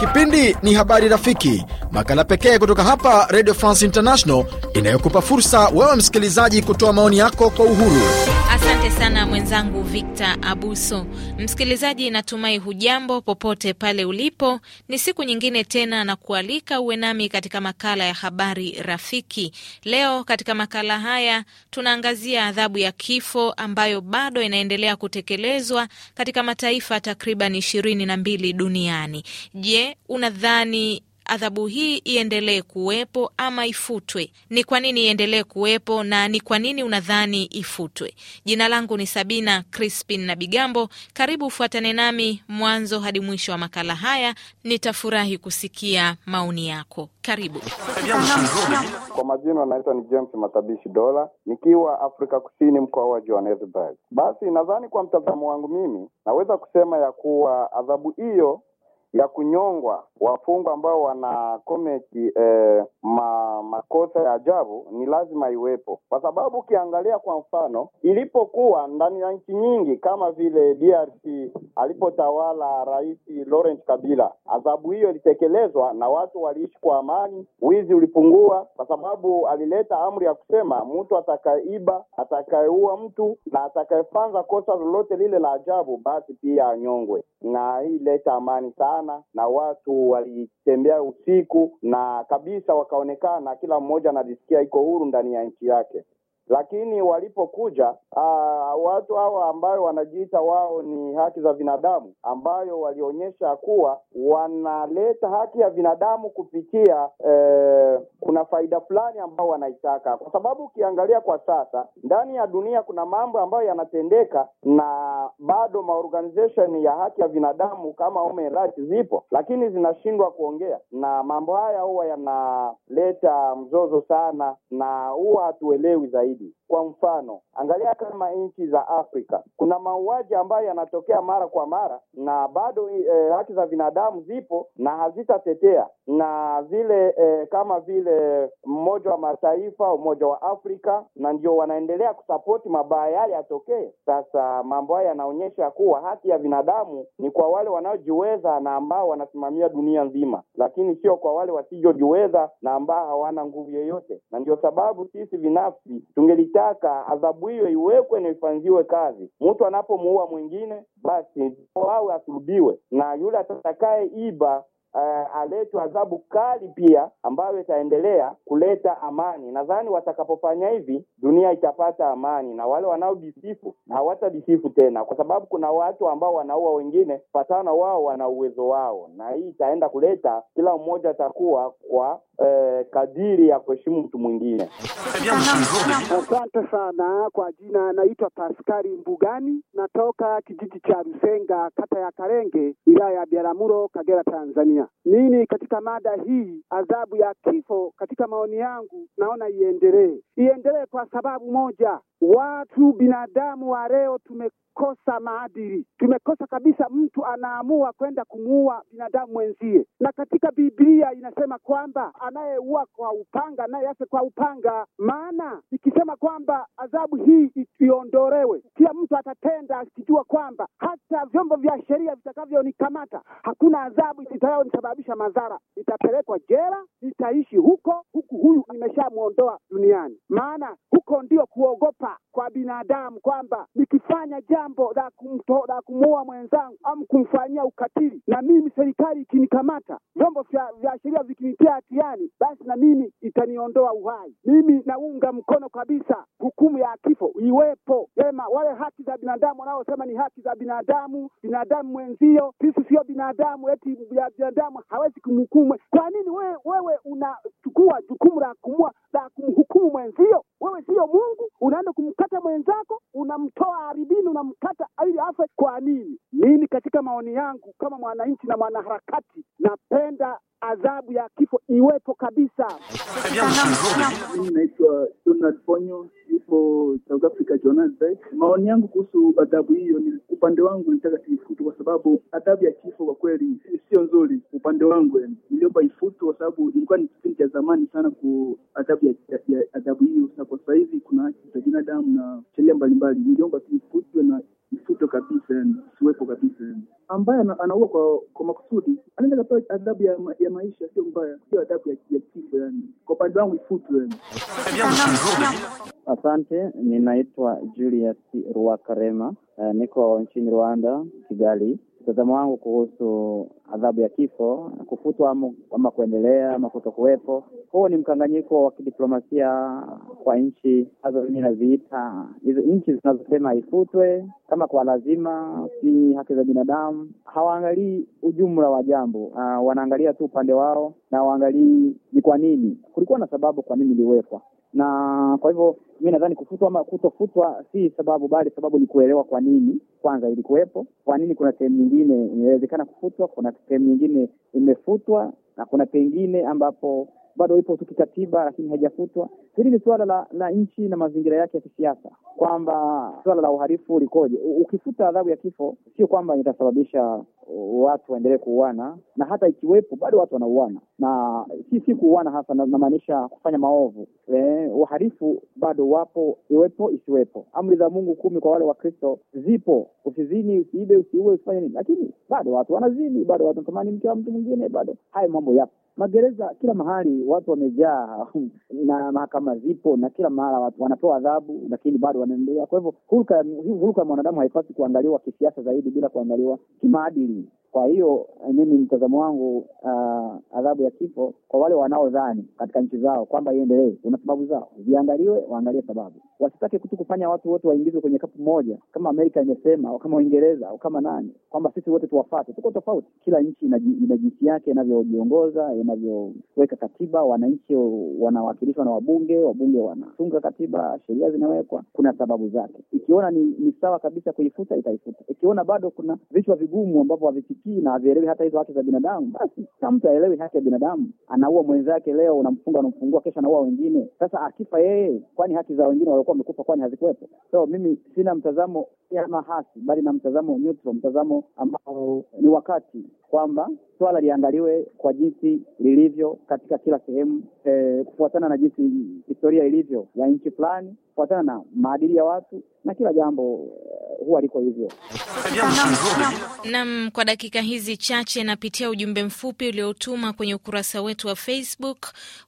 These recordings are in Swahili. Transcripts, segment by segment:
Kipindi ni Habari Rafiki, makala pekee kutoka hapa Radio France International inayokupa fursa wewe msikilizaji kutoa maoni yako kwa uhuru. Asante sana mwenzangu Victor Abuso. Msikilizaji, natumai hujambo popote pale ulipo. Ni siku nyingine tena na kualika uwe nami katika makala ya Habari Rafiki. Leo katika makala haya tunaangazia adhabu ya kifo ambayo bado inaendelea kutekelezwa katika katika mataifa takriban ishirini na mbili duniani. Je, unadhani adhabu hii iendelee kuwepo ama ifutwe? Ni kwa nini iendelee kuwepo na ni kwa nini unadhani ifutwe? Jina langu ni Sabina Crispin na Bigambo. Karibu ufuatane nami mwanzo hadi mwisho wa makala haya. Nitafurahi kusikia maoni yako. Karibu. Kwa majina anaitwa ni James Matabishi Dola, nikiwa Afrika Kusini, mkoa wa Johannesburg. Basi nadhani kwa mtazamo wangu mimi naweza kusema ya kuwa adhabu hiyo ya kunyongwa wafungwa ambao wana kometi eh, ma, makosa ya ajabu ni lazima iwepo, kwa sababu ukiangalia kwa mfano ilipokuwa ndani ya nchi nyingi kama vile DRC alipotawala Rais Laurent Kabila, adhabu hiyo ilitekelezwa na watu waliishi kwa amani, wizi ulipungua, kwa sababu alileta amri ya kusema mtu atakayeiba, atakayeua mtu na atakayefanza kosa lolote lile la ajabu, basi pia anyongwe, na hii ileta amani sana sana, na watu walitembea usiku na kabisa wakaonekana, kila mmoja anajisikia iko huru ndani ya nchi yake. Lakini walipokuja aa, ah, watu hawa ambayo wanajiita wao ni haki za binadamu, ambayo walionyesha kuwa wanaleta haki ya binadamu kupitia eh, kuna faida fulani ambao wanaitaka, kwa sababu ukiangalia kwa sasa ndani ya dunia kuna mambo ambayo yanatendeka na bado maorganization ya haki ya binadamu kama human rights zipo, lakini zinashindwa kuongea, na mambo haya huwa yanaleta mzozo sana na huwa hatuelewi zaidi. Kwa mfano, angalia kama nchi za Afrika kuna mauaji ambayo yanatokea mara kwa mara na bado e, haki za binadamu zipo na hazitatetea na vile e, eh, kama vile mmoja wa Mataifa, Umoja wa Afrika, na ndio wanaendelea kusapoti mabaya yale yatokee. Sasa mambo haya yanaonyesha kuwa haki ya binadamu ni kwa wale wanaojiweza na ambao wanasimamia dunia nzima, lakini sio kwa wale wasiojiweza na ambao hawana nguvu yoyote, na ndio sababu sisi binafsi tungelitaka adhabu hiyo iwekwe na ifanziwe kazi. Mtu anapomuua mwingine, basi awe asurubiwe, na yule atakaye iba uh, aletwe adhabu kali pia ambayo itaendelea kuleta amani. Nadhani watakapofanya hivi, dunia itapata amani, na wale wanaodisifu hawatadisifu tena, kwa sababu kuna watu ambao wanaua wengine patana, wao wana uwezo wao, na hii itaenda kuleta, kila mmoja atakuwa kwa eh, kadiri ya kuheshimu mtu mwingine. Asante sana kwa jina, naitwa Paskari Mbugani, natoka kijiji cha Msenga, kata ya Karenge, wilaya ya Biaramuro, Kagera, Tanzania. Mimi katika mada hii, adhabu ya kifo, katika maoni yangu, naona iendelee, iendelee kwa sababu moja, watu binadamu wa leo tume kosa maadili, tumekosa kabisa. Mtu anaamua kwenda kumuua binadamu mwenzie, na katika Biblia inasema kwamba anayeua kwa upanga naye ase kwa upanga. Maana ikisema kwamba adhabu hii iondolewe, kila mtu atatenda akijua kwamba hata vyombo vya sheria vitakavyonikamata hakuna adhabu itakayonisababisha madhara, nitapelekwa jela, nitaishi huko huku, huyu nimeshamwondoa duniani. Maana huko ndio kuogopa kwa binadamu kwamba nikifanya jambo la kumto la kumuua mwenzangu au kumfanyia ukatili, na mimi serikali ikinikamata, vyombo vya sheria vikinitia hatiani fulani, basi na mimi itaniondoa uhai. Mimi naunga mkono kabisa hukumu ya kifo iwepo. Sema wale haki za binadamu wanaosema ni haki za binadamu, binadamu mwenzio, sisi sio binadamu, eti ya binadamu hawezi kumhukumu. Kwa nini wewe wewe unachukua jukumu la kumua la kumhukumu mwenzio? Wewe sio Mungu, unaenda kumkata mwenzako, unamtoa aribini, unamkata ili afe. Kwa nini? Mimi katika maoni yangu kama mwananchi na mwanaharakati, napenda adhabu ya kifo iwepo kabisa. naitwa Donald Ponyo, ipo South Africa, Johannesburg. Maoni yangu kuhusu adhabu hiyo, ni upande wangu nitaka tuifutu, kwa sababu adhabu ya kifo kwa kweli sio nzuri. Upande wangu niliomba ifutu, kwa sababu ilikuwa ni kipindi cha zamani sana ku adhabu ya, ya adhabu hiyo. Kwa sasa hivi kuna haki za binadamu na sheria mbalimbali, niliomba tu na kabisa, yani siwepo kabisa, yani ambaye anaua kwa kwa makusudi anaweza kapewa adhabu ya, ma, ya maisha, sio mbaya, sio adhabu ya, ya kifo. Yani kwa upande wangu ifutu yani. Asante, ninaitwa Julius ruakarema uh, niko nchini Rwanda, Kigali mtazamo wangu kuhusu adhabu ya kifo kufutwa ama, kuendelea ama kutokuwepo, huo ni mkanganyiko wa kidiplomasia kwa nchi ambazo mimi naziita hizo nchi zinazosema ifutwe kama kwa lazima, si haki za binadamu. Hawaangalii ujumla wa jambo uh, wanaangalia tu upande wao na waangalii ni kwa nini kulikuwa na sababu, kwa nini iliwekwa na kwa hivyo mi nadhani kufutwa ama kutofutwa si sababu, bali sababu ni kuelewa kwa nini kwanza ilikuwepo, kwa nini kuna sehemu nyingine imewezekana kufutwa, kuna sehemu nyingine imefutwa na kuna pengine ambapo bado ipo tu kikatiba, lakini haijafutwa. Hili ni suala la, la nchi na mazingira yake ya kisiasa, kwamba suala la uhalifu likoje. Ukifuta adhabu ya kifo, sio kwamba itasababisha watu waendelee kuuana, na hata ikiwepo bado watu wanauana, na si si kuuana hasa, namaanisha kufanya maovu. Eh, wahalifu bado wapo, iwepo isiwepo. Amri za Mungu kumi kwa wale Wakristo zipo: usizini, usiibe, usiue, usifanye nini, lakini bado watu wanazini, bado watu wanatamani mke wa mtu mwingine, bado haya mambo yapo magereza kila mahali watu wamejaa, na mahakama zipo na kila mahala watu wanapewa adhabu, lakini bado wanaendelea. Kwa hivyo hulka, hulka ya mwanadamu haipasi kuangaliwa kisiasa zaidi bila kuangaliwa kimaadili. Kwa hiyo eh, mimi mtazamo wangu, uh, adhabu ya kifo kwa wale wanaodhani katika nchi zao kwamba iendelee, kuna sababu zao ziangaliwe, waangalie sababu wasitake kutu kufanya watu wote waingizwe kwenye kapu moja, kama Amerika imesema, kama Uingereza au kama nani, kwamba sisi wote tuwafate. Tuko tofauti, kila nchi ina jinsi yake inavyojiongoza, inavyoweka katiba, wananchi wanawakilishwa na wabunge, wabunge wanatunga katiba, sheria zinawekwa. Kuna sababu zake. Ikiona ni, ni sawa kabisa kuifuta, itaifuta. Ikiona bado kuna vichwa vigumu ambavyo havifikii na havielewi hata hizo haki za binadamu, basi kama mtu aelewi haki ya binadamu, anaua mwenzake leo, unamfunga, unamfungua, kesho anaua wengine. Sasa akifa yeye, kwani haki za wengine walikuwa wamekufa kwani hazikuwepo? So mimi sina mtazamo ama hasi, bali na mtazamo neutral, mtazamo ambao ni wakati kwamba swala liangaliwe kwa jinsi lilivyo katika kila sehemu e, kufuatana na jinsi historia ilivyo ya nchi fulani, kufuatana na maadili ya watu na kila jambo e, huwa liko hivyo. Nam, kwa dakika hizi chache napitia ujumbe mfupi uliotuma kwenye ukurasa wetu wa Facebook.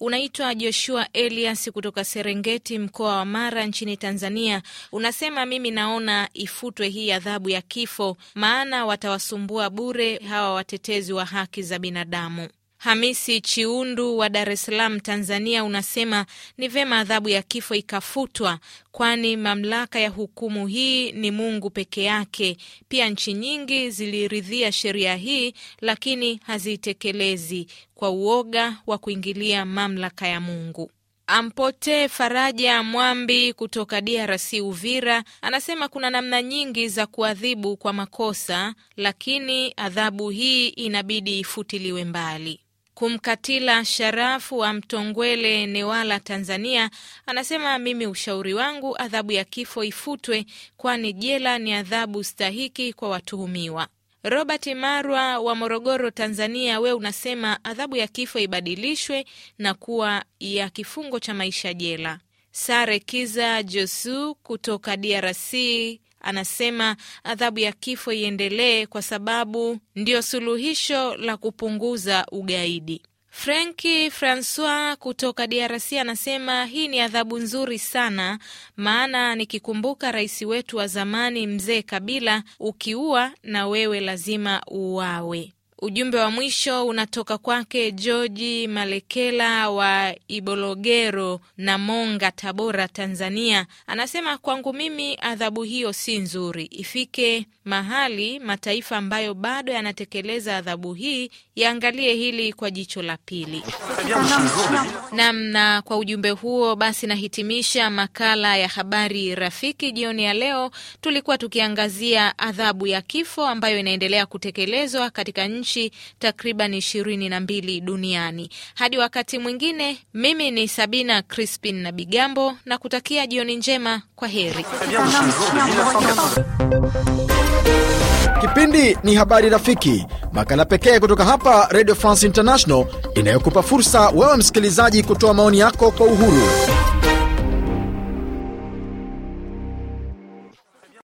Unaitwa Joshua Elias kutoka Serengeti, mkoa wa Mara, nchini Tanzania. Unasema mimi naona ifutwe hii adhabu ya kifo, maana watawasumbua bure hawa watetezi wa haki za binadamu. Hamisi Chiundu wa Dar es Salaam, Tanzania, unasema ni vema adhabu ya kifo ikafutwa, kwani mamlaka ya hukumu hii ni Mungu peke yake. Pia nchi nyingi ziliridhia sheria hii, lakini haziitekelezi kwa uoga wa kuingilia mamlaka ya Mungu. Ampote Faraja Mwambi kutoka DRC Uvira anasema kuna namna nyingi za kuadhibu kwa makosa, lakini adhabu hii inabidi ifutiliwe mbali. Kumkatila Sharafu wa Mtongwele, Newala, Tanzania, anasema mimi, ushauri wangu adhabu ya kifo ifutwe, kwani jela ni adhabu stahiki kwa watuhumiwa. Robert Marwa wa Morogoro, Tanzania, we unasema adhabu ya kifo ibadilishwe na kuwa ya kifungo cha maisha jela. Sare Kiza Josu kutoka DRC anasema adhabu ya kifo iendelee kwa sababu ndiyo suluhisho la kupunguza ugaidi. Frenki Francois kutoka DRC anasema hii ni adhabu nzuri sana, maana nikikumbuka rais wetu wa zamani mzee Kabila, ukiua na wewe lazima uuawe. Ujumbe wa mwisho unatoka kwake Georgi Malekela wa Ibologero na Monga, Tabora, Tanzania. Anasema kwangu mimi adhabu hiyo si nzuri, ifike mahali mataifa ambayo bado yanatekeleza adhabu hii yaangalie hili kwa jicho la pili. Naam, na kwa ujumbe huo basi nahitimisha makala ya habari rafiki jioni ya leo. Tulikuwa tukiangazia adhabu ya kifo ambayo inaendelea kutekelezwa katika nchi nchi takriban ishirini na mbili duniani. Hadi wakati mwingine, mimi ni Sabina Crispin na Bigambo na kutakia jioni njema, kwa heri. Kipindi ni Habari Rafiki, makala pekee kutoka hapa Radio France International inayokupa fursa wewe msikilizaji kutoa maoni yako kwa uhuru.